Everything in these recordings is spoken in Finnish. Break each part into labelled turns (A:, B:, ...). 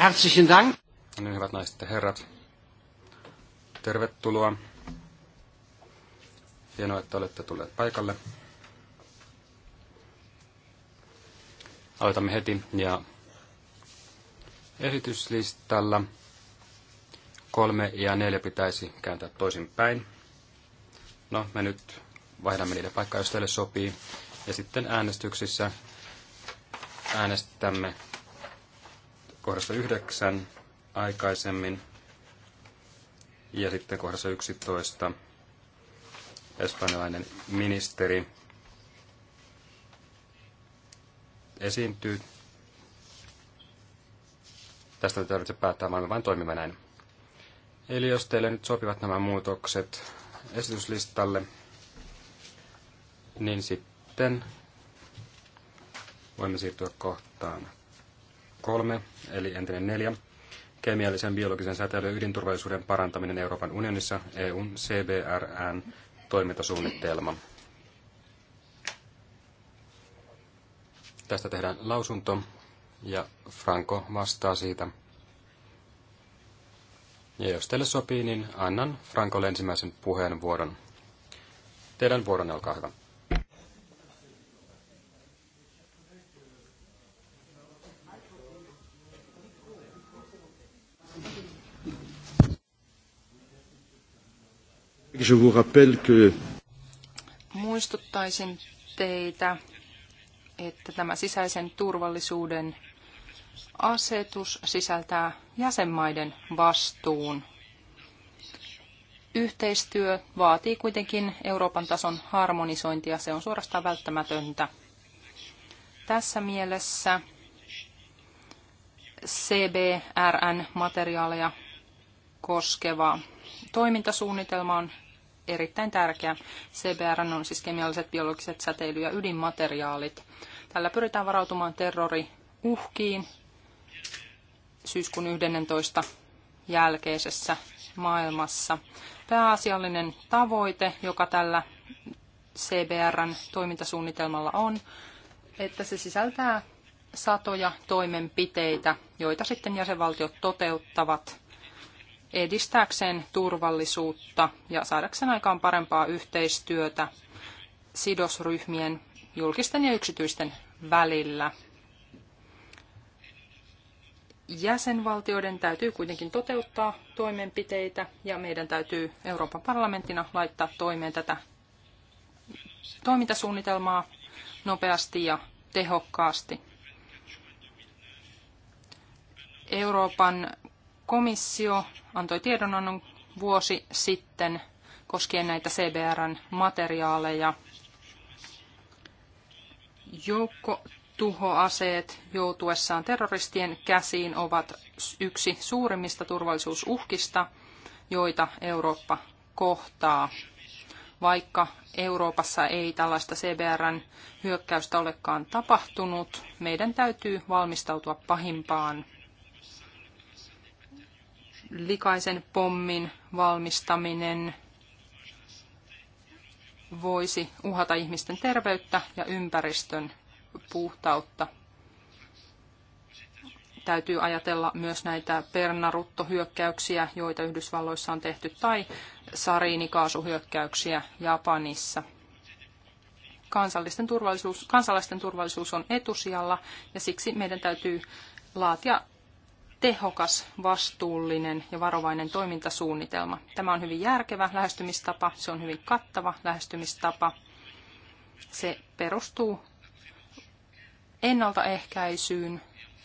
A: Herzlichen Dank. No niin, hyvät naiset ja herrat. Tervetuloa. Hienoa, että olette tulleet paikalle. Aloitamme heti ja esityslistalla kolme ja neljä pitäisi kääntää päin. No, me nyt vaihdamme niiden paikkaa, jos teille sopii. Ja sitten äänestyksissä äänestämme kohdassa 9 aikaisemmin ja sitten kohdassa 11 espanjalainen ministeri esiintyy. Tästä ei tarvitse päättää, vaan vain toimimme näin. Eli jos teille nyt sopivat nämä muutokset esityslistalle, niin sitten voimme siirtyä kohtaan 3, eli entinen 4, kemiallisen biologisen säteilyn ydinturvallisuuden parantaminen Euroopan unionissa, EUn CBRN toimintasuunnitelma. Tästä tehdään lausunto ja Franco vastaa siitä. Ja jos teille sopii, niin annan Frankolle ensimmäisen puheenvuoron. Teidän vuoronne, olkaa hyvä. je vous rappelle que...
B: Muistuttaisin teitä, että tämä sisäisen turvallisuuden asetus sisältää jäsenmaiden vastuun. Yhteistyö vaatii kuitenkin Euroopan tason harmonisointia. Se on suorastaan välttämätöntä. Tässä mielessä CBRN-materiaaleja koskeva toimintasuunnitelma on erittäin tärkeä. CBR on siis kemialliset, biologiset säteily- ja ydinmateriaalit. Tällä pyritään varautumaan terroriuhkiin syyskuun 11 jälkeisessä maailmassa. Pääasiallinen tavoite, joka tällä CBRn toimintasuunnitelmalla on, että se sisältää satoja toimenpiteitä, joita sitten jäsenvaltiot toteuttavat edistääkseen turvallisuutta ja saadakseen aikaan parempaa yhteistyötä sidosryhmien, julkisten ja yksityisten välillä. Jäsenvaltioiden täytyy kuitenkin toteuttaa toimenpiteitä ja meidän täytyy Euroopan parlamenttina laittaa toimeen tätä toimintasuunnitelmaa nopeasti ja tehokkaasti. Euroopan Komissio antoi tiedonannon vuosi sitten koskien näitä CBRn materiaaleja. Joukko tuhoaseet joutuessaan terroristien käsiin ovat yksi suurimmista turvallisuusuhkista, joita Eurooppa kohtaa. Vaikka Euroopassa ei tällaista CBRn hyökkäystä olekaan tapahtunut, meidän täytyy valmistautua pahimpaan likaisen pommin valmistaminen voisi uhata ihmisten terveyttä ja ympäristön puhtautta. Täytyy ajatella myös näitä pernaruttohyökkäyksiä, joita Yhdysvalloissa on tehty, tai sariinikaasuhyökkäyksiä Japanissa. Kansallisten turvallisuus, kansalaisten turvallisuus on etusijalla ja siksi meidän täytyy laatia tehokas, vastuullinen ja varovainen toimintasuunnitelma. Tämä on hyvin järkevä lähestymistapa, se on hyvin kattava lähestymistapa. Se perustuu ennaltaehkäisyyn,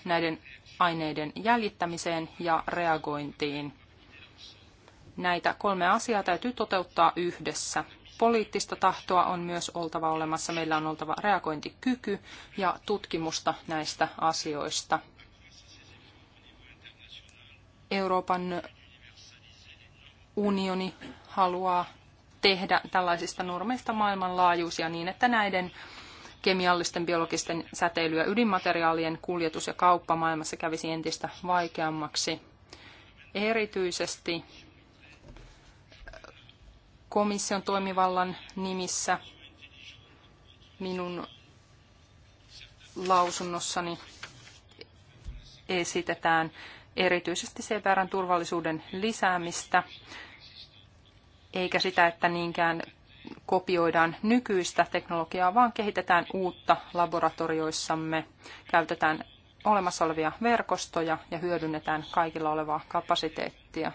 B: näiden aineiden jäljittämiseen ja reagointiin. Näitä kolme asiaa täytyy toteuttaa yhdessä. Poliittista tahtoa on myös oltava olemassa. Meillä on oltava reagointikyky ja tutkimusta näistä asioista. Euroopan unioni haluaa tehdä tällaisista normeista maailmanlaajuisia niin, että näiden kemiallisten, biologisten säteilyä ydinmateriaalien kuljetus ja kauppa maailmassa kävisi entistä vaikeammaksi. Erityisesti komission toimivallan nimissä minun lausunnossani esitetään erityisesti verran turvallisuuden lisäämistä, eikä sitä, että niinkään kopioidaan nykyistä teknologiaa, vaan kehitetään uutta laboratorioissamme, käytetään olemassa olevia verkostoja ja hyödynnetään kaikilla olevaa kapasiteettia.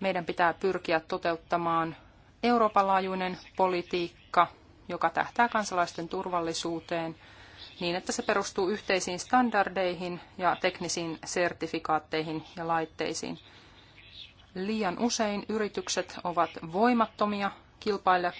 B: Meidän pitää pyrkiä toteuttamaan Euroopan laajuinen politiikka, joka tähtää kansalaisten turvallisuuteen – niin, että se perustuu yhteisiin standardeihin ja teknisiin sertifikaatteihin ja laitteisiin. Liian usein yritykset ovat voimattomia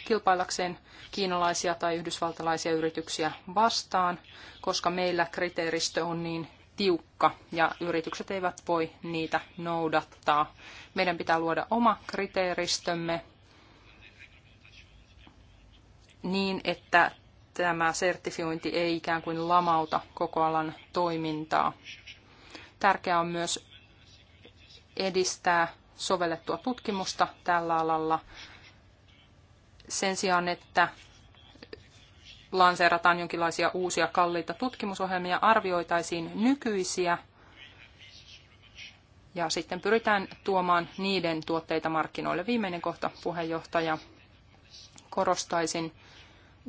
B: kilpaillakseen kiinalaisia tai yhdysvaltalaisia yrityksiä vastaan, koska meillä kriteeristö on niin tiukka ja yritykset eivät voi niitä noudattaa. Meidän pitää luoda oma kriteeristömme niin, että tämä sertifiointi ei ikään kuin lamauta koko alan toimintaa. Tärkeää on myös edistää sovellettua tutkimusta tällä alalla sen sijaan, että lanseerataan jonkinlaisia uusia kalliita tutkimusohjelmia, arvioitaisiin nykyisiä ja sitten pyritään tuomaan niiden tuotteita markkinoille. Viimeinen kohta, puheenjohtaja, korostaisin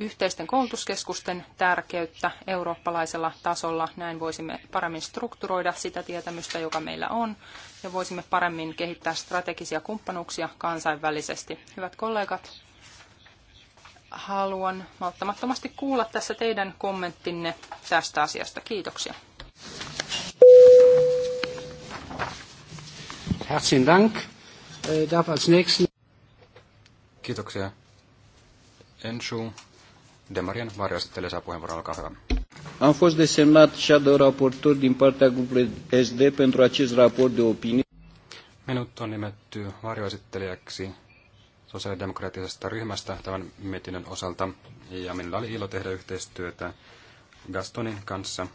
B: yhteisten koulutuskeskusten tärkeyttä eurooppalaisella tasolla. Näin voisimme paremmin strukturoida sitä tietämystä, joka meillä on, ja voisimme paremmin kehittää strategisia kumppanuuksia kansainvälisesti. Hyvät kollegat, haluan malttamattomasti kuulla tässä teidän kommenttinne tästä asiasta. Kiitoksia.
C: Herzlichen Dank. Äh, darf als nächsten...
A: Kiitoksia. Enschu Demarian Demarien sitten lisää puheenvuoron, olkaa hyvä. Am fost desemnat shadow raportor din partea grupului SD pentru acest raport de opinie. Minut on nimetty varjoesittelijäksi sosiaalidemokraattisesta ryhmästä tämän mietinnön osalta, ja minulla oli ilo tehdä yhteistyötä Gastonin kanssa.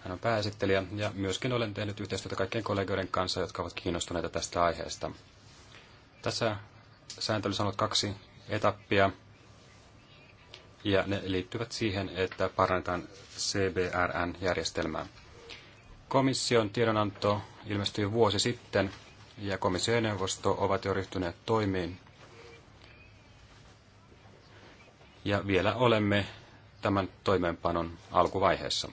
A: Hän on pääesittelijä, ja myöskin olen tehnyt yhteistyötä kaikkien kollegoiden kanssa, jotka ovat kiinnostuneita tästä aiheesta. Tässä sääntely sanoo kaksi etappia ja ne liittyvät siihen, että parannetaan CBRN-järjestelmää. Komission tiedonanto ilmestyi vuosi sitten, ja komissio neuvosto ovat jo ryhtyneet toimiin. Ja vielä olemme tämän toimeenpanon alkuvaiheessa.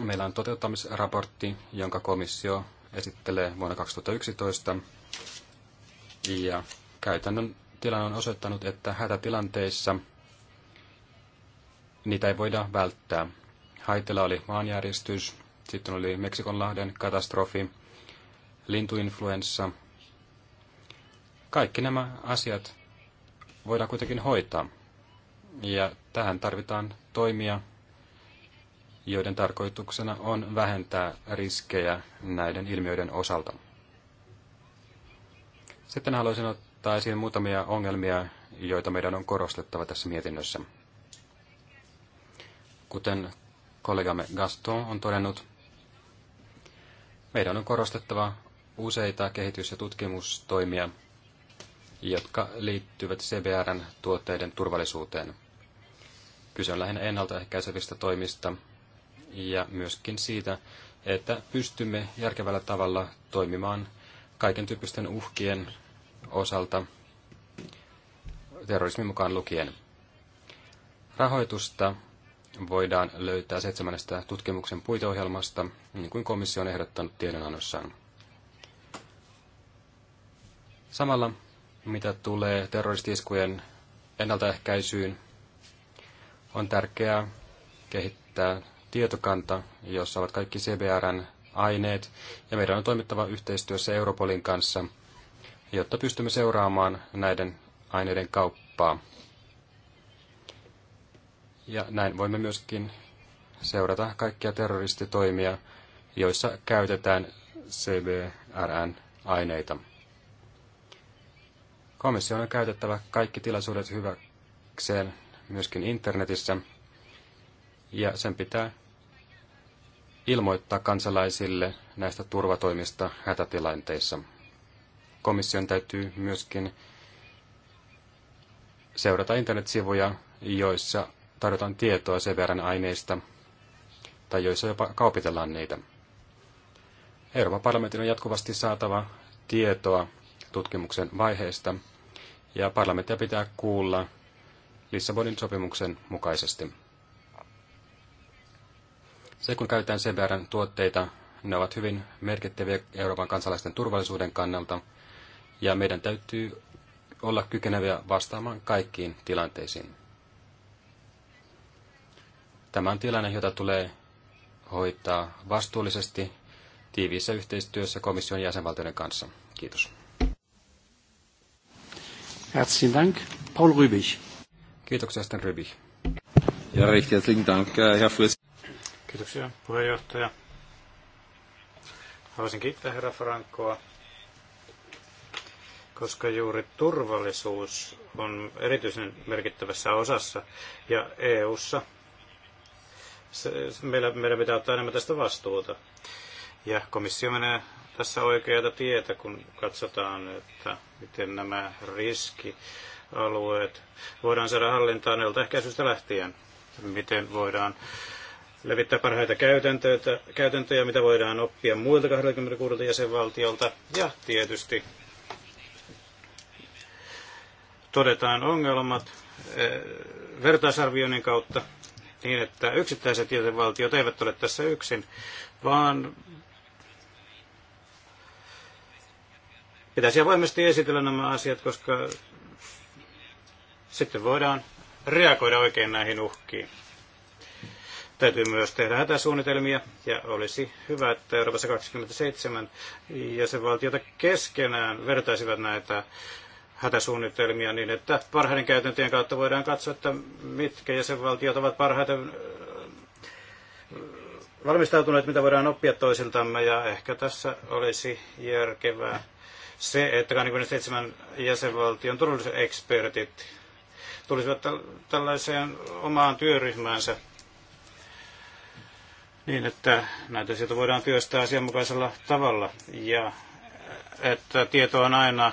A: Meillä on toteuttamisraportti, jonka komissio esittelee vuonna 2011, ja käytännön tilanne on osoittanut, että hätätilanteissa niitä ei voida välttää. Haitella oli maanjäristys, sitten oli Meksikonlahden katastrofi, lintuinfluenssa. Kaikki nämä asiat voidaan kuitenkin hoitaa. Ja tähän tarvitaan toimia, joiden tarkoituksena on vähentää riskejä näiden ilmiöiden osalta. Sitten haluaisin ottaa nostaa esiin muutamia ongelmia, joita meidän on korostettava tässä mietinnössä. Kuten kollegamme Gaston on todennut, meidän on korostettava useita kehitys- ja tutkimustoimia, jotka liittyvät CBRn tuotteiden turvallisuuteen. Kyse on lähinnä ennaltaehkäisevistä toimista ja myöskin siitä, että pystymme järkevällä tavalla toimimaan kaiken tyyppisten uhkien osalta, terrorismin mukaan lukien. Rahoitusta voidaan löytää seitsemännestä tutkimuksen puiteohjelmasta, niin kuin komissio on ehdottanut tiedonannossaan. Samalla, mitä tulee terroristiskujen ennaltaehkäisyyn, on tärkeää kehittää tietokanta, jossa ovat kaikki CBRn aineet, ja meidän on toimittava yhteistyössä Europolin kanssa – jotta pystymme seuraamaan näiden aineiden kauppaa. Ja näin voimme myöskin seurata kaikkia terroristitoimia, joissa käytetään CBRN-aineita. Komission on käytettävä kaikki tilaisuudet hyväkseen myöskin internetissä, ja sen pitää ilmoittaa kansalaisille näistä turvatoimista hätätilanteissa komission täytyy myöskin seurata internetsivuja, joissa tarjotaan tietoa sen verran aineista tai joissa jopa kaupitellaan niitä. Euroopan parlamentin on jatkuvasti saatava tietoa tutkimuksen vaiheesta ja parlamenttia pitää kuulla Lissabonin sopimuksen mukaisesti. Se, kun käytetään sen verran tuotteita, ne ovat hyvin merkittäviä Euroopan kansalaisten turvallisuuden kannalta – ja meidän täytyy olla kykeneviä vastaamaan kaikkiin tilanteisiin. Tämä on tilanne, jota tulee hoitaa vastuullisesti tiiviissä yhteistyössä komission jäsenvaltioiden kanssa. Kiitos. Herzlichen Dank. Paul Rübig. Kiitoksia, Sten Rübig. Ja recht herzlichen Dank, äh, Herr Fritz.
C: Kiitoksia, puheenjohtaja. Haluaisin kiittää herra Frankoa koska juuri turvallisuus on erityisen merkittävässä osassa ja EU-ssa se, meillä, meidän pitää ottaa enemmän tästä vastuuta. Ja komissio menee tässä oikeata tietä, kun katsotaan, että miten nämä riskialueet voidaan saada hallintaan ehkäisystä lähtien. Miten voidaan levittää parhaita käytäntöjä, käytäntöjä, mitä voidaan oppia muilta 26 jäsenvaltiolta ja tietysti todetaan ongelmat eh, vertaisarvioinnin kautta niin, että yksittäiset jäsenvaltiot eivät ole tässä yksin, vaan pitäisi avoimesti esitellä nämä asiat, koska sitten voidaan reagoida oikein näihin uhkiin. Täytyy myös tehdä hätäsuunnitelmia ja olisi hyvä, että Euroopassa 27 jäsenvaltiota keskenään vertaisivat näitä hätäsuunnitelmia niin, että parhaiden käytäntöjen kautta voidaan katsoa, että mitkä jäsenvaltiot ovat parhaiten äh, valmistautuneet, mitä voidaan oppia toisiltamme, ja ehkä tässä olisi järkevää se, että 27 jäsenvaltion turvallisuusekspertit tulisivat tällaiseen omaan työryhmäänsä niin, että näitä sieltä voidaan työstää asianmukaisella tavalla ja äh, että tieto on aina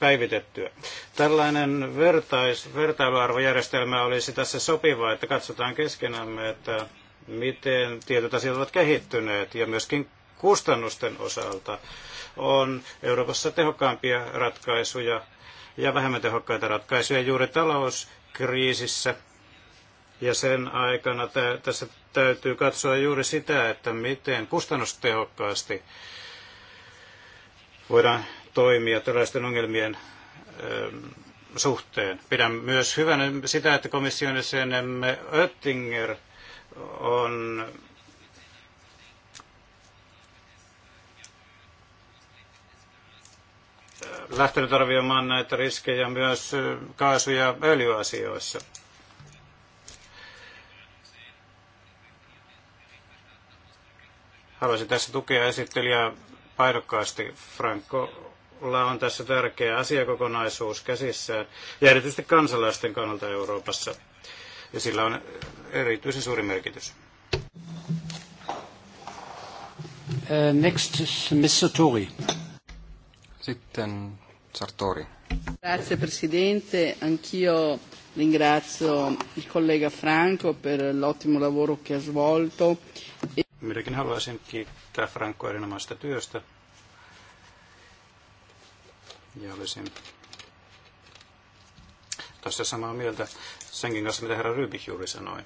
C: päivitettyä. Tällainen vertais, vertailuarvojärjestelmä olisi tässä sopiva, että katsotaan keskenämme, että miten tietyt asiat ovat kehittyneet ja myöskin kustannusten osalta on Euroopassa tehokkaampia ratkaisuja ja vähemmän tehokkaita ratkaisuja juuri talouskriisissä. Ja sen aikana tässä täytyy katsoa juuri sitä, että miten kustannustehokkaasti voidaan toimia tällaisten ongelmien ähm, suhteen. Pidän myös hyvänä sitä, että komission jäsenemme Oettinger on lähtenyt arvioimaan näitä riskejä myös äh, kaasu- ja öljyasioissa. Haluaisin tässä tukea esittelijää painokkaasti. Franco on tässä tärkeä asiakokonaisuus käsissään, ja erityisesti kansalaisten kannalta Euroopassa. Ja sillä on erityisen suuri merkitys.
A: Uh, next is Miss Sartori. Sitten Sartori.
B: Grazie Presidente, anch'io ringrazio il collega Franco per l'ottimo
C: lavoro che ha svolto. Minäkin haluaisin kiittää Franco erinomaista työstä ja olisin tässä samaa mieltä senkin kanssa, mitä herra Rybik juuri sanoi.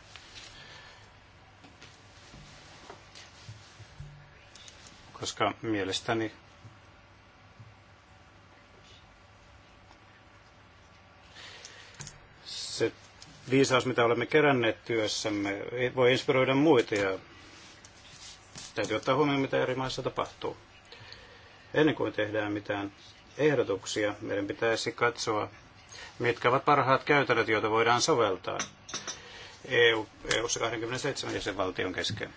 C: Koska mielestäni se viisaus, mitä olemme keränneet työssämme, voi inspiroida muita ja täytyy ottaa huomioon, mitä eri maissa tapahtuu. Ennen kuin tehdään mitään ehdotuksia. Meidän pitäisi katsoa, mitkä ovat parhaat käytännöt, joita voidaan soveltaa EU, EU-ssa 27 jäsenvaltion kesken.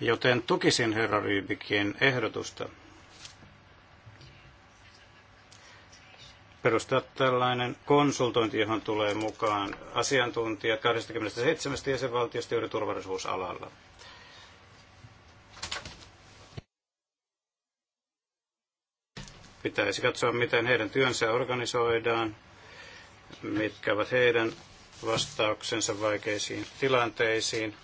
C: Joten tukisin herra Rybikin ehdotusta perustaa tällainen konsultointi, johon tulee mukaan asiantuntijat 27 jäsenvaltiosta juuri turvallisuusalalla. Pitäisi katsoa, miten heidän työnsä organisoidaan, mitkä ovat heidän vastauksensa vaikeisiin tilanteisiin.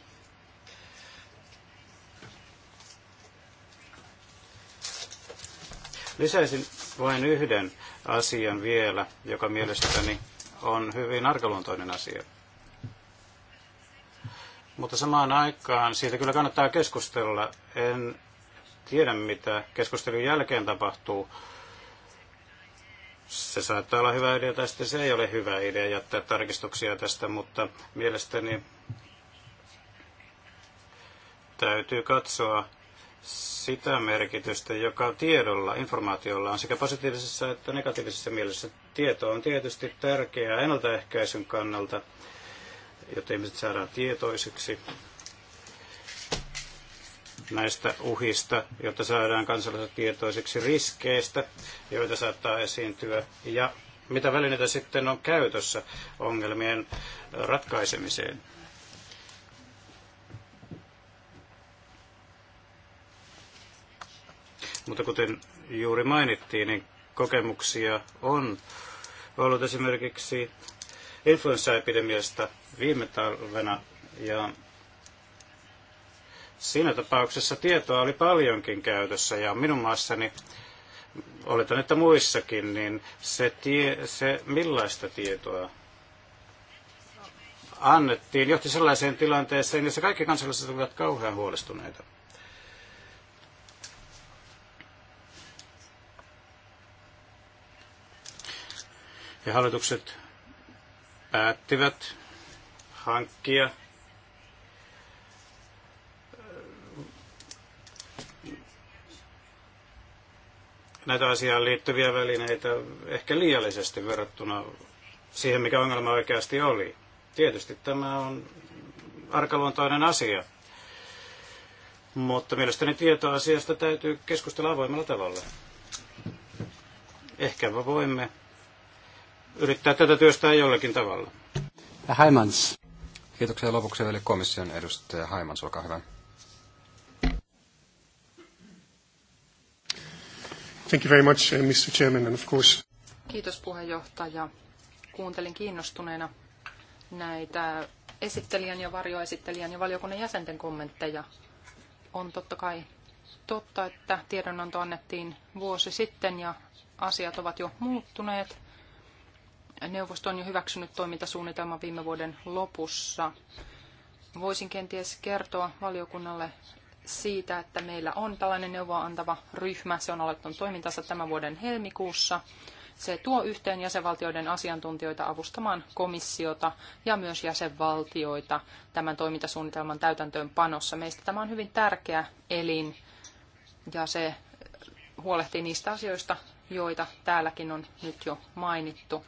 C: Lisäisin vain yhden asian vielä, joka mielestäni on hyvin arkaluontoinen asia. Mutta samaan aikaan siitä kyllä kannattaa keskustella. En tiedä, mitä keskustelun jälkeen tapahtuu, se saattaa olla hyvä idea tai sitten se ei ole hyvä idea jättää tarkistuksia tästä, mutta mielestäni täytyy katsoa sitä merkitystä, joka tiedolla, informaatiolla on sekä positiivisessa että negatiivisessa mielessä. Tieto on tietysti tärkeää ennaltaehkäisyn kannalta, jotta ihmiset saadaan tietoisiksi näistä uhista, jotta saadaan kansalaiset tietoisiksi riskeistä, joita saattaa esiintyä, ja mitä välineitä sitten on käytössä ongelmien ratkaisemiseen. Mutta kuten juuri mainittiin, niin kokemuksia on ollut esimerkiksi influenssaepidemiasta viime talvena ja Siinä tapauksessa tietoa oli paljonkin käytössä ja minun maassani, oletan että muissakin, niin se, tie, se millaista tietoa annettiin, johti sellaiseen tilanteeseen, jossa kaikki kansalaiset olivat kauhean huolestuneita. Ja hallitukset päättivät hankkia näitä asiaan liittyviä välineitä ehkä liiallisesti verrattuna siihen, mikä ongelma oikeasti oli. Tietysti tämä on arkaluontoinen asia, mutta mielestäni tietoa asiasta täytyy keskustella avoimella tavalla. Ehkä me voimme yrittää tätä työstää jollakin tavalla.
A: Haimans. Kiitoksia lopuksi vielä komission edustaja Haimans, olkaa hyvä. Thank you very much, uh, Mr. Chairman, and of course.
B: Kiitos puheenjohtaja. Kuuntelin kiinnostuneena näitä esittelijän ja varjoesittelijän ja valiokunnan jäsenten kommentteja. On totta kai totta, että tiedonanto annettiin vuosi sitten ja asiat ovat jo muuttuneet. Neuvosto on jo hyväksynyt toimintasuunnitelman viime vuoden lopussa. Voisin kenties kertoa valiokunnalle, siitä, että meillä on tällainen neuvoa antava ryhmä. Se on aloittanut toimintansa tämän vuoden helmikuussa. Se tuo yhteen jäsenvaltioiden asiantuntijoita avustamaan komissiota ja myös jäsenvaltioita tämän toimintasuunnitelman täytäntöönpanossa. Meistä tämä on hyvin tärkeä elin ja se huolehtii niistä asioista, joita täälläkin on nyt jo mainittu.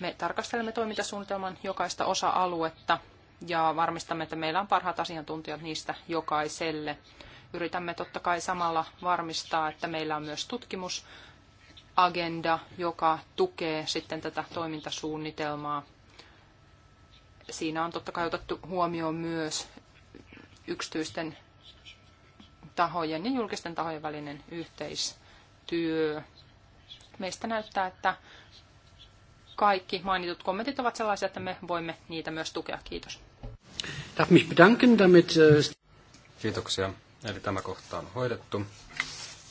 B: Me tarkastelemme toimintasuunnitelman jokaista osa-aluetta ja varmistamme, että meillä on parhaat asiantuntijat niistä jokaiselle. Yritämme totta kai samalla varmistaa, että meillä on myös tutkimusagenda, joka tukee sitten tätä toimintasuunnitelmaa. Siinä on totta kai otettu huomioon myös yksityisten tahojen ja julkisten tahojen välinen yhteistyö. Meistä näyttää, että kaikki mainitut kommentit ovat sellaisia, että me voimme niitä myös tukea. Kiitos
A: darf mich bedanken, damit... Äh, Kiitoksia. Eli tämä kohta on hoidettu.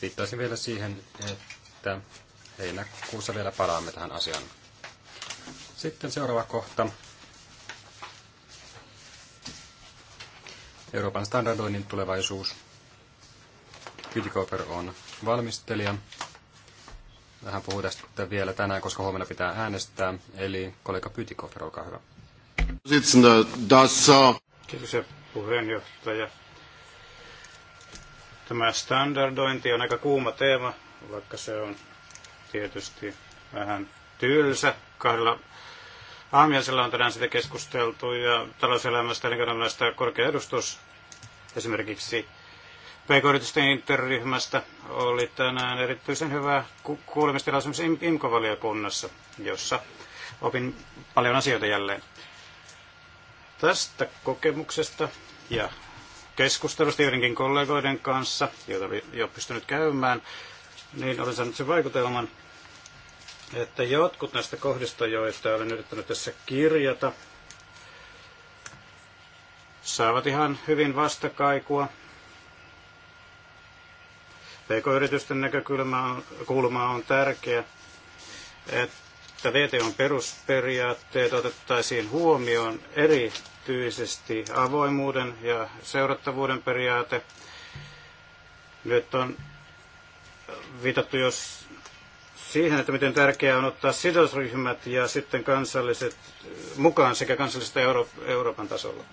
A: Viittaisin vielä siihen, että heinäkuussa vielä palaamme tähän asiaan. Sitten seuraava kohta. Euroopan standardoinnin tulevaisuus. Kytikoper on valmistelija. Vähän puhuu tästä vielä tänään, koska huomenna pitää äänestää. Eli kollega Pytikofer, olkaa hyvä. Kiitoksia
C: puheenjohtaja. Tämä standardointi on aika kuuma teema, vaikka se on tietysti vähän tylsä. Kahdella aamiaisella on tänään sitä keskusteltu ja talouselämästä elinkeinoelämästä korkea edustus esimerkiksi PK-yritysten interryhmästä oli tänään erityisen hyvä kuulemistilaisuus Imkovaliokunnassa, jossa opin paljon asioita jälleen. Tästä kokemuksesta ja keskustelusta joidenkin kollegoiden kanssa, joita oli jo pystynyt käymään, niin olen saanut sen vaikutelman, että jotkut näistä kohdista, joita olen yrittänyt tässä kirjata, saavat ihan hyvin vastakaikua. PK-yritysten näkökulma on, on tärkeä, että että VTOn perusperiaatteet otettaisiin huomioon erityisesti avoimuuden ja seurattavuuden periaate. Nyt on viitattu jos siihen, että miten tärkeää on ottaa sidosryhmät ja sitten kansalliset mukaan sekä kansallista Euro- Euroopan tasolla.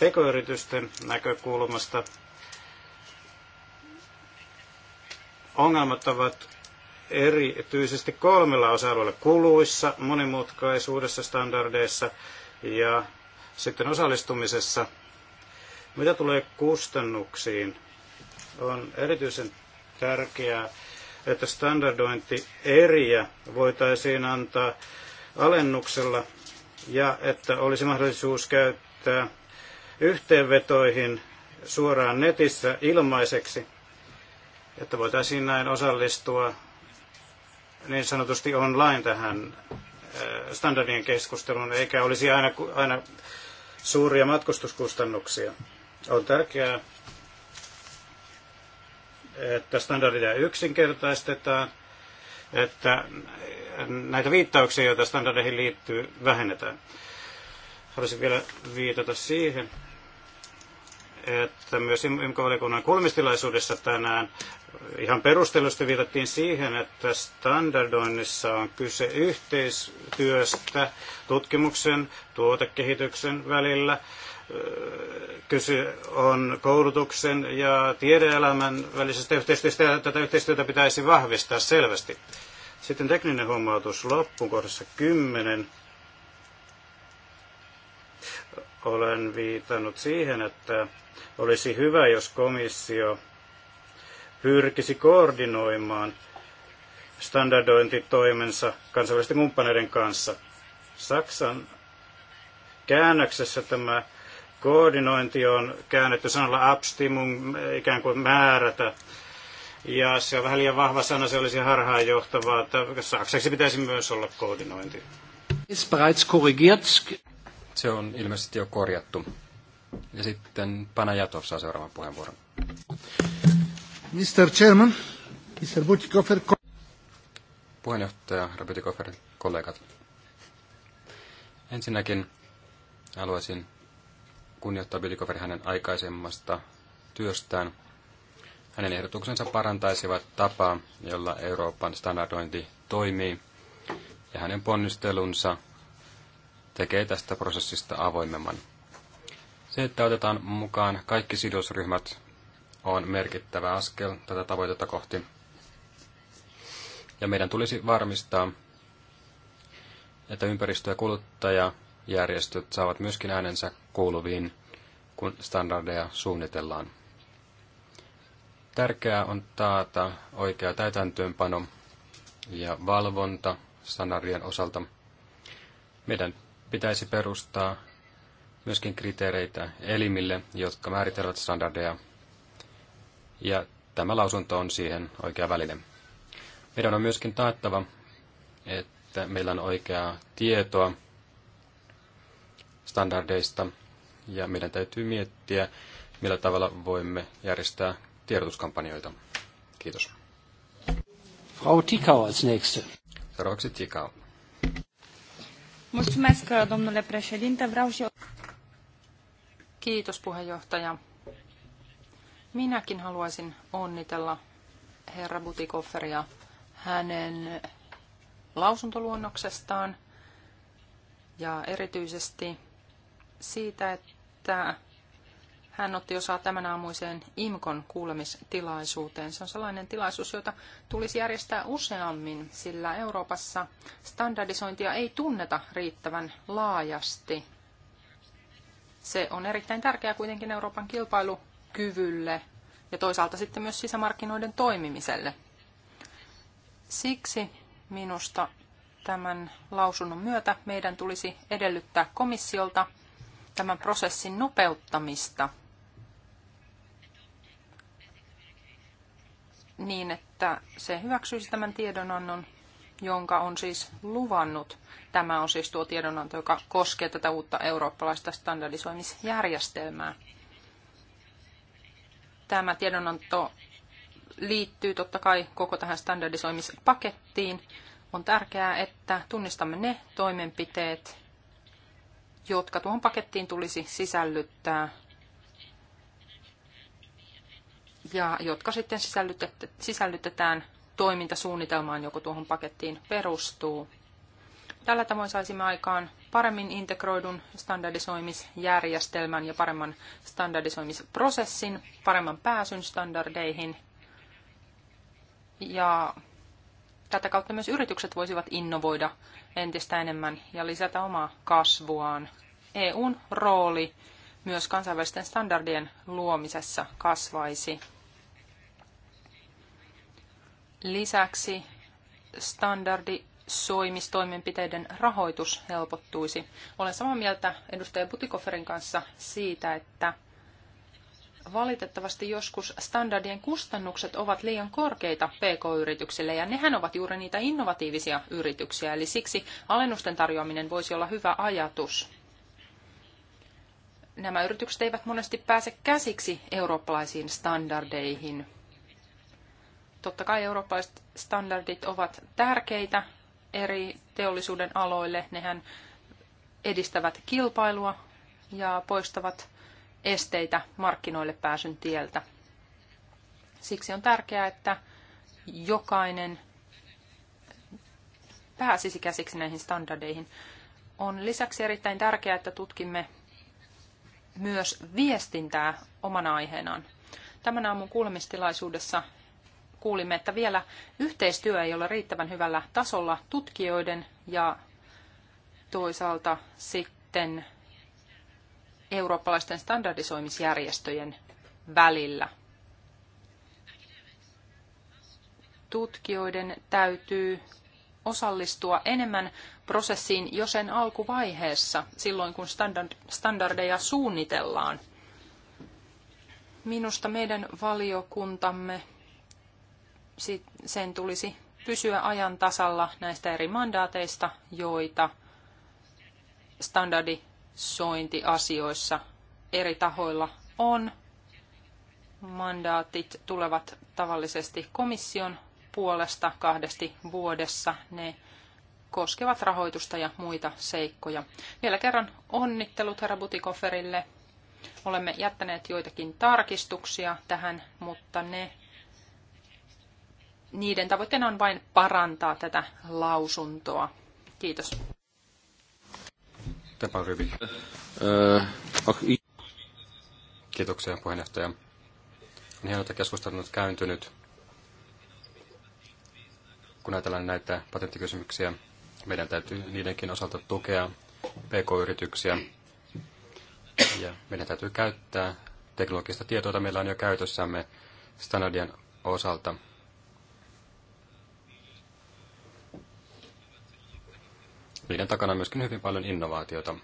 C: Pekoyritysten näkökulmasta ongelmat ovat erityisesti kolmella osa-alueella kuluissa, monimutkaisuudessa, standardeissa ja sitten osallistumisessa. Mitä tulee kustannuksiin, on erityisen tärkeää, että standardointi eriä voitaisiin antaa alennuksella ja että olisi mahdollisuus käyttää yhteenvetoihin suoraan netissä ilmaiseksi, että voitaisiin näin osallistua niin sanotusti online tähän eh, standardien keskusteluun, eikä olisi aina, aina suuria matkustuskustannuksia. On tärkeää, että standardia yksinkertaistetaan, että näitä viittauksia, joita standardeihin liittyy, vähennetään. Haluaisin vielä viitata siihen, että myös YMK-valiokunnan kulmistilaisuudessa tänään ihan perustellusti viitattiin siihen, että standardoinnissa on kyse yhteistyöstä tutkimuksen, tuotekehityksen välillä. Kyse on koulutuksen ja tiedeelämän välisestä yhteistyöstä ja tätä yhteistyötä pitäisi vahvistaa selvästi. Sitten tekninen huomautus loppuun kohdassa 10 olen viitannut siihen, että olisi hyvä, jos komissio pyrkisi koordinoimaan standardointitoimensa kansainvälisten kumppaneiden kanssa. Saksan käännöksessä tämä koordinointi on käännetty sanalla abstimum, ikään kuin määrätä. Ja se on vähän liian vahva sana, se olisi harhaanjohtavaa, että saksaksi pitäisi myös olla koordinointi.
A: Se on ilmeisesti jo korjattu. Ja sitten Panajatov saa seuraavan puheenvuoron.
C: Mr. Chairman, Mr. Butikofer,
A: puheenjohtaja Rabitikofer, kollegat. Ensinnäkin haluaisin kunnioittaa Bylikofer hänen aikaisemmasta työstään. Hänen ehdotuksensa parantaisivat tapaa, jolla Euroopan standardointi toimii, ja hänen ponnistelunsa tekee tästä prosessista avoimemman. Se, että otetaan mukaan kaikki sidosryhmät, on merkittävä askel tätä tavoitetta kohti. Ja meidän tulisi varmistaa, että ympäristö- ja kuluttajajärjestöt saavat myöskin äänensä kuuluviin, kun standardeja suunnitellaan. Tärkeää on taata oikea täytäntöönpano ja valvonta standardien osalta. Meidän pitäisi perustaa myöskin kriteereitä elimille, jotka määritelevät standardeja. Ja tämä lausunto on siihen oikea väline. Meidän on myöskin taattava, että meillä on oikeaa tietoa standardeista ja meidän täytyy miettiä, millä tavalla voimme järjestää tiedotuskampanjoita. Kiitos. Frau Tikau als nächste. Seuraavaksi Tikau.
B: Mulțumesc, domnule președinte. Vreau și eu... Kiitos puheenjohtaja. Minäkin haluaisin onnitella herra Butikofferia hänen lausuntoluonnoksestaan ja erityisesti siitä, että hän otti osaa tämän aamuiseen IMKON kuulemistilaisuuteen. Se on sellainen tilaisuus, jota tulisi järjestää useammin, sillä Euroopassa standardisointia ei tunneta riittävän laajasti. Se on erittäin tärkeää kuitenkin Euroopan kilpailukyvylle ja toisaalta sitten myös sisämarkkinoiden toimimiselle. Siksi minusta tämän lausunnon myötä meidän tulisi edellyttää komissiolta tämän prosessin nopeuttamista niin, että se hyväksyisi tämän tiedonannon jonka on siis luvannut. Tämä on siis tuo tiedonanto, joka koskee tätä uutta eurooppalaista standardisoimisjärjestelmää. Tämä tiedonanto liittyy totta kai koko tähän standardisoimispakettiin. On tärkeää, että tunnistamme ne toimenpiteet, jotka tuohon pakettiin tulisi sisällyttää ja jotka sitten sisällytetään toimintasuunnitelmaan, joka tuohon pakettiin perustuu. Tällä tavoin saisimme aikaan paremmin integroidun standardisoimisjärjestelmän ja paremman standardisoimisprosessin, paremman pääsyn standardeihin. Ja tätä kautta myös yritykset voisivat innovoida entistä enemmän ja lisätä omaa kasvuaan. EUn rooli myös kansainvälisten standardien luomisessa kasvaisi. Lisäksi standardi soimistoimenpiteiden rahoitus helpottuisi. Olen samaa mieltä edustaja Butikoferin kanssa siitä, että valitettavasti joskus standardien kustannukset ovat liian korkeita PK-yrityksille, ja nehän ovat juuri niitä innovatiivisia yrityksiä, eli siksi alennusten tarjoaminen voisi olla hyvä ajatus. Nämä yritykset eivät monesti pääse käsiksi eurooppalaisiin standardeihin, Totta kai eurooppalaiset standardit ovat tärkeitä eri teollisuuden aloille. Nehän edistävät kilpailua ja poistavat esteitä markkinoille pääsyn tieltä. Siksi on tärkeää, että jokainen pääsisi käsiksi näihin standardeihin. On lisäksi erittäin tärkeää, että tutkimme myös viestintää omana aiheenaan. Tämän aamun kuulemistilaisuudessa kuulimme, että vielä yhteistyö ei ole riittävän hyvällä tasolla tutkijoiden ja toisaalta sitten eurooppalaisten standardisoimisjärjestöjen välillä. Tutkijoiden täytyy osallistua enemmän prosessiin jo sen alkuvaiheessa, silloin kun standardeja suunnitellaan. Minusta meidän valiokuntamme sen tulisi pysyä ajan tasalla näistä eri mandaateista, joita standardisointiasioissa eri tahoilla on. Mandaatit tulevat tavallisesti komission puolesta kahdesti vuodessa. Ne koskevat rahoitusta ja muita seikkoja. Vielä kerran onnittelut herra Butikoferille. Olemme jättäneet joitakin tarkistuksia tähän, mutta ne niiden tavoitteena on vain parantaa tätä lausuntoa. Kiitos.
A: Tepa Ryvi. Äh, Kiitoksia puheenjohtaja. On hienoa, että keskustelu on käyntynyt. Kun ajatellaan näitä patenttikysymyksiä, meidän täytyy niidenkin osalta tukea pk-yrityksiä. Ja meidän täytyy käyttää teknologista tietoa, jota meillä on jo käytössämme standardien osalta Niiden takana on myöskin hyvin paljon innovaatiota.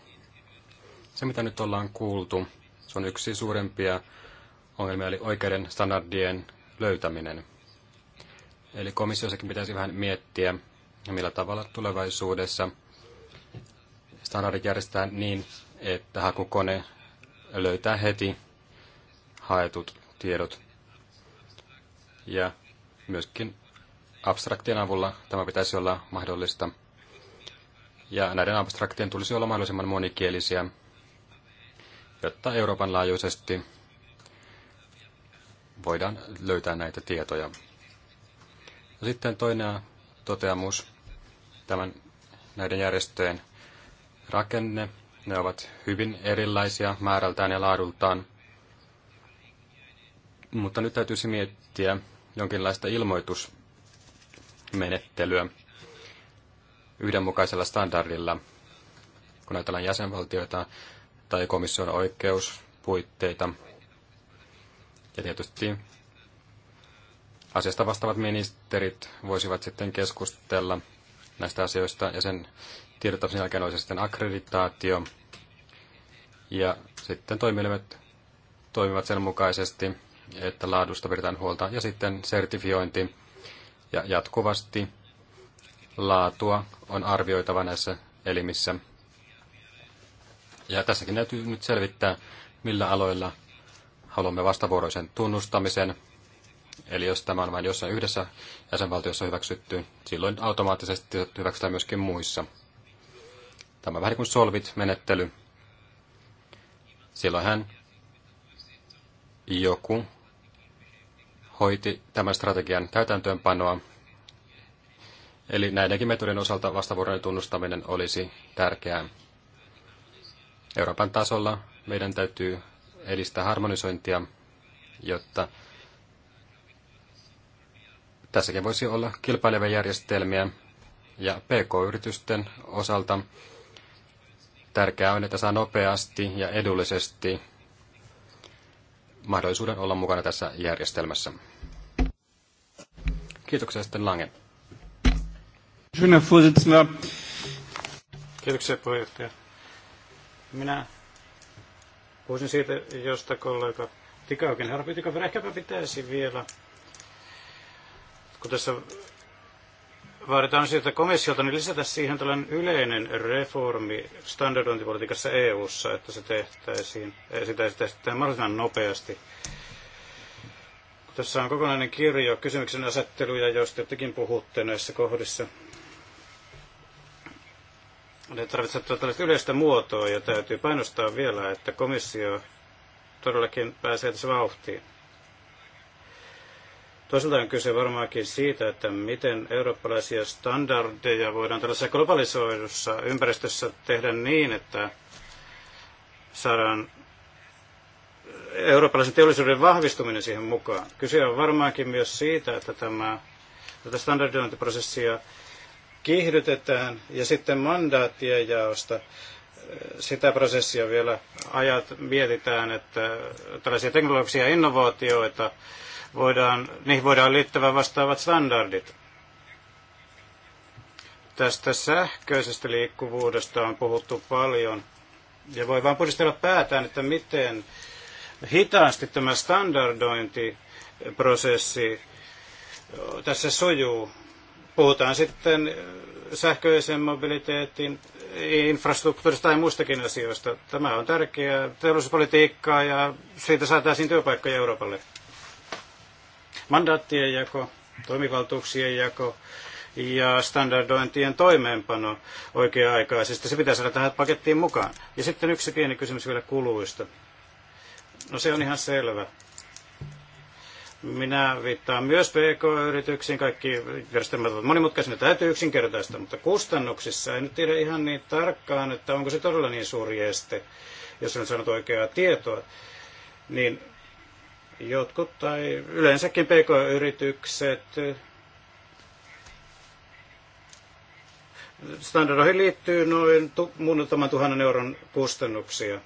A: Se, mitä nyt ollaan kuultu, se on yksi suurempia ongelmia, eli oikeiden standardien löytäminen. Eli komissiossakin pitäisi vähän miettiä, millä tavalla tulevaisuudessa standardit järjestetään niin, että hakukone löytää heti haetut tiedot. Ja myöskin abstraktien avulla tämä pitäisi olla mahdollista ja näiden abstraktien tulisi olla mahdollisimman monikielisiä, jotta Euroopan laajuisesti voidaan löytää näitä tietoja. Ja no sitten toinen toteamus, tämän, näiden järjestöjen rakenne. Ne ovat hyvin erilaisia määrältään ja laadultaan, mutta nyt täytyisi miettiä jonkinlaista ilmoitusmenettelyä yhdenmukaisella standardilla, kun ajatellaan jäsenvaltioita tai komission oikeuspuitteita. Ja tietysti asiasta vastaavat ministerit voisivat sitten keskustella näistä asioista ja sen tiedottamisen jälkeen olisi sitten akkreditaatio. Ja sitten toimielimet toimivat sen mukaisesti, että laadusta pidetään huolta ja sitten sertifiointi ja jatkuvasti laatua on arvioitava näissä elimissä. Ja tässäkin täytyy nyt selvittää, millä aloilla haluamme vastavuoroisen tunnustamisen. Eli jos tämä on vain jossain yhdessä jäsenvaltiossa hyväksytty, silloin automaattisesti hyväksytään myöskin muissa. Tämä on vähän niin kuin solvit-menettely. Silloinhan joku hoiti tämän strategian täytäntöönpanoa Eli näidenkin metodien osalta vastavuoroinen tunnustaminen olisi tärkeää. Euroopan tasolla meidän täytyy edistää harmonisointia, jotta tässäkin voisi olla kilpailevia järjestelmiä. Ja PK-yritysten osalta tärkeää on, että saa nopeasti ja edullisesti mahdollisuuden olla mukana tässä järjestelmässä. Kiitoksia sitten Lange.
C: Kiitoksia puheenjohtaja. Minä puhuisin siitä, josta kollega Tikaukin harpi Tikaver ehkäpä pitäisi vielä, kun tässä vaaditaan siitä komissiolta, niin lisätä siihen tällainen yleinen reformi standardointipolitiikassa EU-ssa, että se tehtäisiin, sitä esitetään mahdollisimman nopeasti. Tässä on kokonainen kirjo kysymyksen asetteluja, joista tekin puhutte näissä kohdissa ne tarvitsevat tällaista yleistä muotoa ja täytyy painostaa vielä, että komissio todellakin pääsee tässä vauhtiin. Toisaalta on kyse varmaankin siitä, että miten eurooppalaisia standardeja voidaan tällaisessa globalisoidussa ympäristössä tehdä niin, että saadaan eurooppalaisen teollisuuden vahvistuminen siihen mukaan. Kyse on varmaankin myös siitä, että tämä, tätä standardointiprosessia kiihdytetään ja sitten mandaattien jaosta eh, sitä prosessia vielä ajat mietitään, että tällaisia teknologisia innovaatioita voidaan, niihin voidaan liittyvä vastaavat standardit. Tästä sähköisestä liikkuvuudesta on puhuttu paljon ja voi vain puristella päätään, että miten hitaasti tämä standardointiprosessi tässä sujuu. Puhutaan sitten äh, sähköisen mobiliteetin infrastruktuurista tai muistakin asioista. Tämä on tärkeää teollisuuspolitiikkaa ja siitä saataisiin työpaikkoja Euroopalle. Mandaattien jako, toimivaltuuksien jako ja standardointien toimeenpano oikea-aikaisesti. Se pitää saada tähän pakettiin mukaan. Ja sitten yksi pieni kysymys vielä kuluista. No se on ihan selvä. Minä viittaan myös PK-yrityksiin. Kaikki järjestelmät ovat monimutkaisia, ne täytyy yksinkertaista, mutta kustannuksissa en nyt tiedä ihan niin tarkkaan, että onko se todella niin suuri este, jos on saanut oikeaa tietoa. Niin jotkut tai yleensäkin PK-yritykset standardoihin liittyy noin muutaman tuhannen euron kustannuksia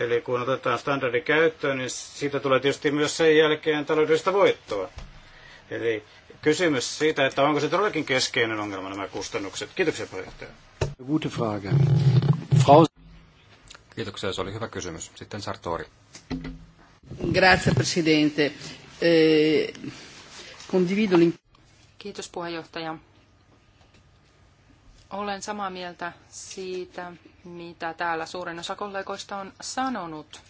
C: Eli kun otetaan standardi käyttöön, niin siitä tulee tietysti myös sen jälkeen taloudellista voittoa. Eli kysymys siitä, että onko se todellakin keskeinen
A: ongelma nämä kustannukset. Kiitoksia puheenjohtaja.
C: Gute Frage. Frau...
A: Kiitoksia, se oli hyvä kysymys. Sitten Sartori.
B: Grazie Presidente. Eh, Kiitos puheenjohtaja. Olen samaa mieltä siitä, mitä täällä suurin osa kollegoista on sanonut.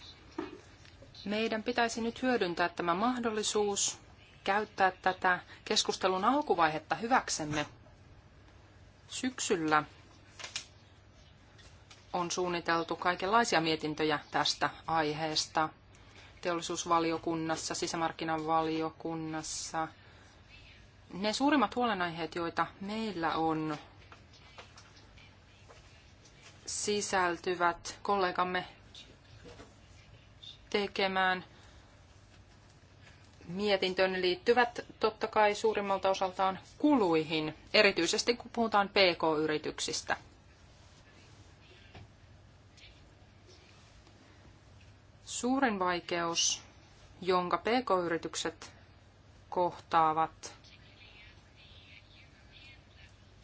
B: Meidän pitäisi nyt hyödyntää tämä mahdollisuus käyttää tätä keskustelun alkuvaihetta hyväksemme. Syksyllä on suunniteltu kaikenlaisia mietintöjä tästä aiheesta teollisuusvaliokunnassa, sisämarkkinan valiokunnassa. Ne suurimmat huolenaiheet, joita meillä on, sisältyvät kollegamme tekemään mietintöön liittyvät totta kai suurimmalta osaltaan kuluihin, erityisesti kun puhutaan PK-yrityksistä. Suurin vaikeus, jonka PK-yritykset kohtaavat,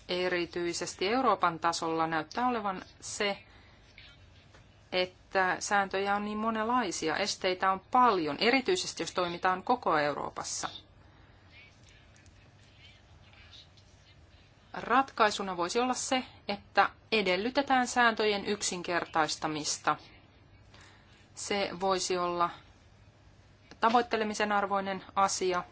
B: erityisesti Euroopan tasolla näyttää olevan se, että sääntöjä on niin monenlaisia, esteitä on paljon, erityisesti jos toimitaan koko Euroopassa. Ratkaisuna voisi olla se, että edellytetään sääntöjen yksinkertaistamista. Se voisi olla tavoittelemisen arvoinen asia,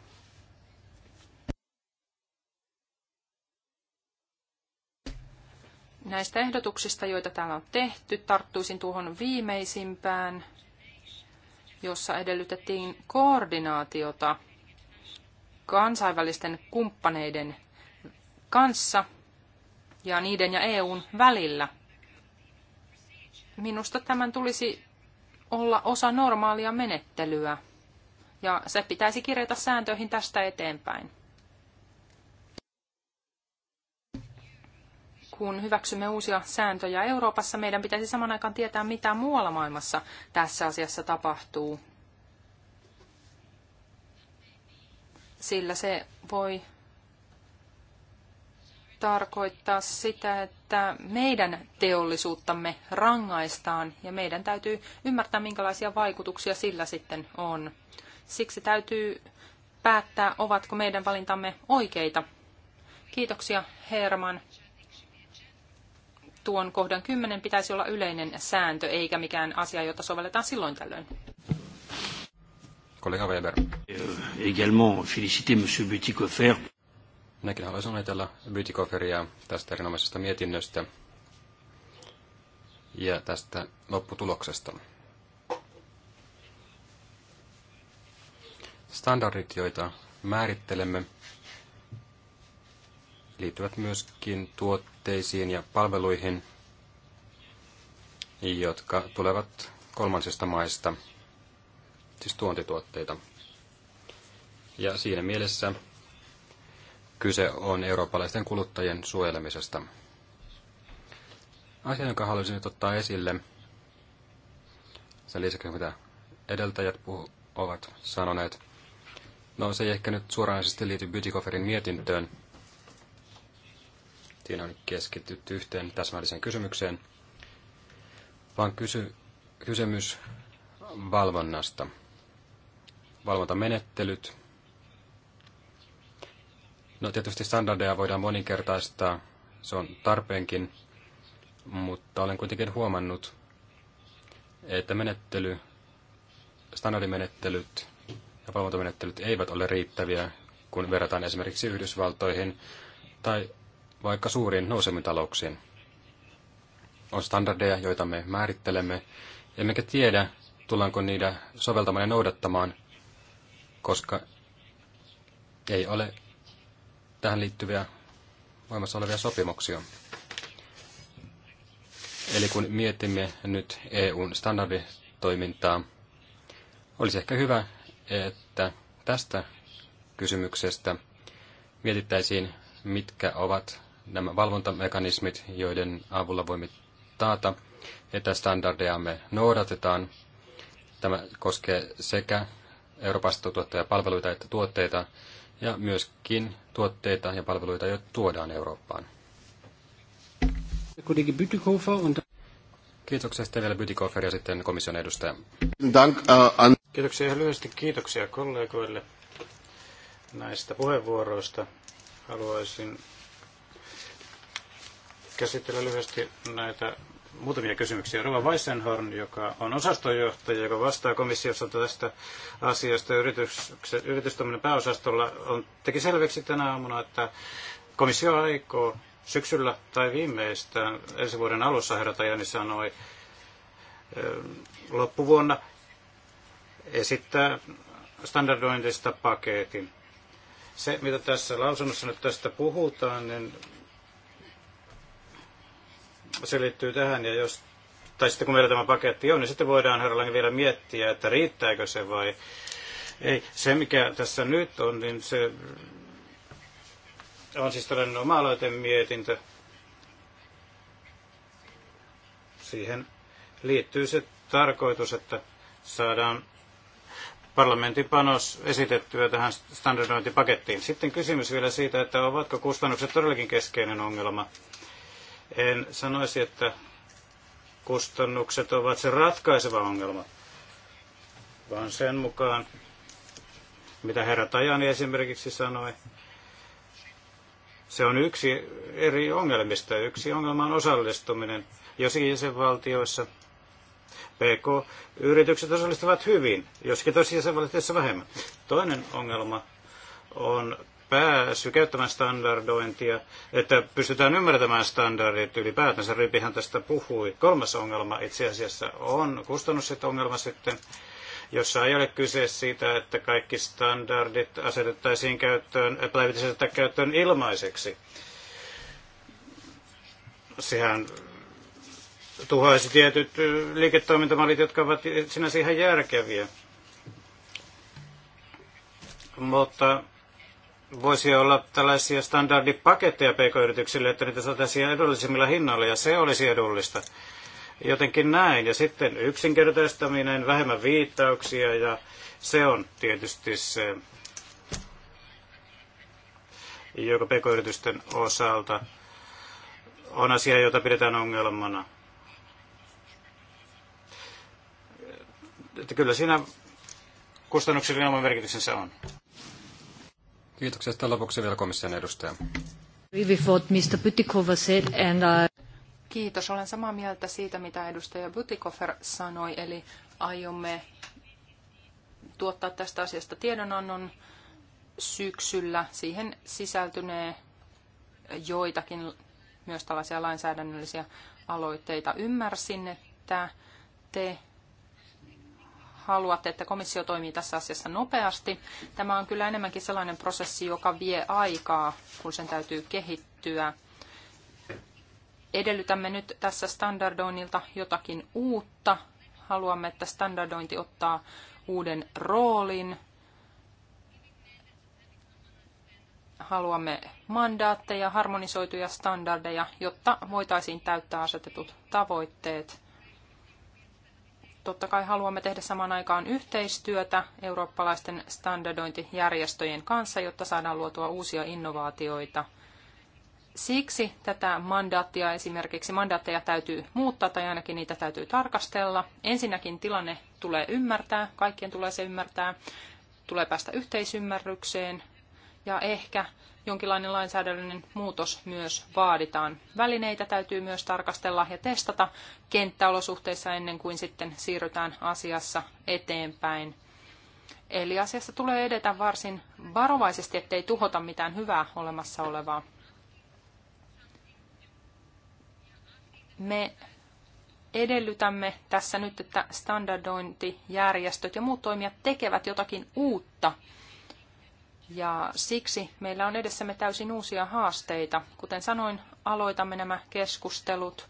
B: näistä ehdotuksista, joita täällä on tehty. Tarttuisin tuohon viimeisimpään, jossa edellytettiin koordinaatiota kansainvälisten kumppaneiden kanssa ja niiden ja EUn välillä. Minusta tämän tulisi olla osa normaalia menettelyä ja se pitäisi kirjata sääntöihin tästä eteenpäin. kun hyväksymme uusia sääntöjä Euroopassa, meidän pitäisi saman aikaan tietää, mitä muualla maailmassa tässä asiassa tapahtuu. Sillä se voi tarkoittaa sitä, että meidän teollisuuttamme rangaistaan ja meidän täytyy ymmärtää, minkälaisia vaikutuksia sillä sitten on. Siksi täytyy päättää, ovatko meidän valintamme oikeita. Kiitoksia Herman tuon kohdan 10 pitäisi olla yleinen sääntö, eikä mikään asia, jota sovelletaan silloin tällöin.
A: Kollega Weber. Euh, également féliciter Monsieur Butikofer. Minäkin haluaisin onnitella Butikoferia tästä erinomaisesta mietinnöstä ja tästä lopputuloksesta. Standardit, joita määrittelemme, liittyvät myöskin tuotteisiin ja palveluihin, jotka tulevat kolmansista maista, siis tuontituotteita. Ja siinä mielessä kyse on eurooppalaisten kuluttajien suojelemisesta. Asia, jonka haluaisin nyt ottaa esille, sen lisäksi mitä edeltäjät puhu, ovat sanoneet, no se ei ehkä nyt suoranaisesti liity Bytikoferin mietintöön, Siinä on keskitytty yhteen täsmälliseen kysymykseen, vaan kysy, kysymys valvonnasta. Valvontamenettelyt. No tietysti standardeja voidaan moninkertaistaa, se on tarpeenkin, mutta olen kuitenkin huomannut, että menettely, standardimenettelyt ja valvontamenettelyt eivät ole riittäviä, kun verrataan esimerkiksi Yhdysvaltoihin tai vaikka suuriin nousemitalouksiin. On standardeja, joita me määrittelemme, emmekä tiedä, tullaanko niitä soveltamaan ja noudattamaan, koska ei ole tähän liittyviä voimassa olevia sopimuksia. Eli kun mietimme nyt EUn standarditoimintaa, olisi ehkä hyvä, että tästä kysymyksestä mietittäisiin, mitkä ovat nämä valvontamekanismit, joiden avulla voimme taata, että standardejamme noudatetaan. Tämä koskee sekä Euroopasta tuottaja palveluita että tuotteita, ja myöskin tuotteita ja palveluita, joita tuodaan Eurooppaan. Kiitoksia sitten vielä Bytikofer ja sitten komission edustaja. Äh, Kiitoksia ihan lyhyesti. Kiitoksia kollegoille
C: näistä puheenvuoroista. Haluaisin käsitellä lyhyesti näitä muutamia kysymyksiä. Rova Weissenhorn, joka on osastonjohtaja, joka vastaa komissiossa tästä asiasta yritystoiminnan pääosastolla, on, teki selväksi tänä aamuna, että komissio aikoo syksyllä tai viimeistään ensi vuoden alussa, herra Tajani sanoi, loppuvuonna esittää standardointista paketin. Se, mitä tässä lausunnossa nyt tästä puhutaan, niin se liittyy tähän, ja jos, tai sitten kun meillä tämä paketti on, niin sitten voidaan herrallakin vielä miettiä, että riittääkö se vai ei. Se, mikä tässä nyt on, niin se on siis tällainen oma mietintö. Siihen liittyy se tarkoitus, että saadaan parlamentin panos esitettyä tähän standardointipakettiin. Sitten kysymys vielä siitä, että ovatko kustannukset todellakin keskeinen ongelma en sanoisi, että kustannukset ovat se ratkaiseva ongelma, vaan sen mukaan, mitä herra Tajani esimerkiksi sanoi, se on yksi eri ongelmista. Yksi ongelma on osallistuminen. Jossakin jäsenvaltioissa PK-yritykset osallistuvat hyvin, joskin tosiaan jäsenvaltioissa vähemmän. Toinen ongelma on pääsy käyttämään standardointia, että pystytään ymmärtämään standardit ylipäätänsä. Ripihän tästä puhui. Kolmas ongelma itse asiassa on ongelma sitten, jossa ei ole kyse siitä, että kaikki standardit asetettaisiin käyttöön, päivittäisiin käyttöön ilmaiseksi. Sehän tuhoaisi tietyt liiketoimintamallit, jotka ovat sinänsä ihan järkeviä. Mutta voisi olla tällaisia standardipaketteja pk-yrityksille, että niitä saataisiin edullisimmilla hinnoilla, ja se olisi edullista. Jotenkin näin. Ja sitten yksinkertaistaminen, vähemmän viittauksia, ja se on tietysti se, joka pk-yritysten osalta on asia, jota pidetään ongelmana.
A: Että kyllä siinä kustannuksellinen oma merkityksensä on. Kiitoksia. Sitten lopuksi vielä komission edustaja.
B: Kiitos. Olen samaa mieltä siitä, mitä edustaja Butikofer sanoi, eli aiomme tuottaa tästä asiasta tiedonannon syksyllä. Siihen sisältynee joitakin myös tällaisia lainsäädännöllisiä aloitteita. Ymmärsin, että te haluatte, että komissio toimii tässä asiassa nopeasti. Tämä on kyllä enemmänkin sellainen prosessi, joka vie aikaa, kun sen täytyy kehittyä. Edellytämme nyt tässä standardoinnilta jotakin uutta. Haluamme, että standardointi ottaa uuden roolin. Haluamme mandaatteja, harmonisoituja standardeja, jotta voitaisiin täyttää asetetut tavoitteet – Totta kai haluamme tehdä samaan aikaan yhteistyötä eurooppalaisten standardointijärjestöjen kanssa, jotta saadaan luotua uusia innovaatioita. Siksi tätä mandaattia esimerkiksi, mandaatteja täytyy muuttaa tai ainakin niitä täytyy tarkastella. Ensinnäkin tilanne tulee ymmärtää, kaikkien tulee se ymmärtää, tulee päästä yhteisymmärrykseen ja ehkä jonkinlainen lainsäädännöllinen muutos myös vaaditaan. Välineitä täytyy myös tarkastella ja testata kenttäolosuhteissa ennen kuin sitten siirrytään asiassa eteenpäin. Eli asiassa tulee edetä varsin varovaisesti, ettei tuhota mitään hyvää olemassa olevaa. Me edellytämme tässä nyt, että standardointijärjestöt ja muut toimijat tekevät jotakin uutta ja siksi meillä on edessämme täysin uusia haasteita. Kuten sanoin, aloitamme nämä keskustelut.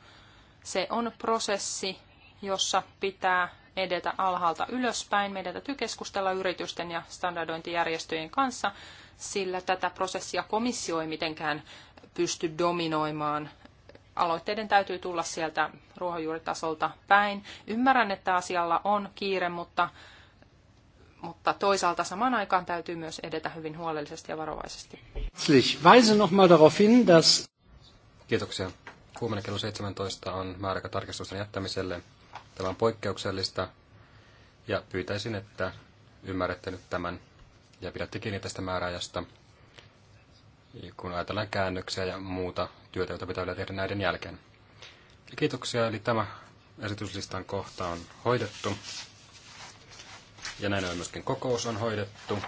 B: Se on prosessi, jossa pitää edetä alhaalta ylöspäin. Meidän täytyy keskustella yritysten ja standardointijärjestöjen kanssa, sillä tätä prosessia komissio ei mitenkään pysty dominoimaan. Aloitteiden täytyy tulla sieltä ruohonjuuritasolta päin. Ymmärrän, että asialla on kiire, mutta mutta toisaalta samaan aikaan täytyy myös edetä hyvin huolellisesti ja varovaisesti.
A: Kiitoksia. Huomenna kello 17 on määräkä tarkistusten jättämiselle. Tämä on poikkeuksellista ja pyytäisin, että ymmärrätte nyt tämän ja pidätte kiinni tästä määräajasta, kun ajatellaan käännöksiä ja muuta työtä, jota pitää tehdä näiden jälkeen. Kiitoksia, eli tämä esityslistan kohta on hoidettu. Ja näin on myöskin kokous on hoidettu.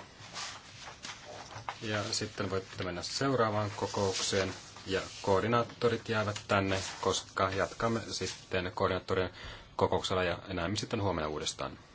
A: Ja sitten voitte mennä seuraavaan kokoukseen. Ja koordinaattorit jäävät tänne, koska jatkamme sitten koordinaattorien kokouksella ja näemme sitten huomenna uudestaan.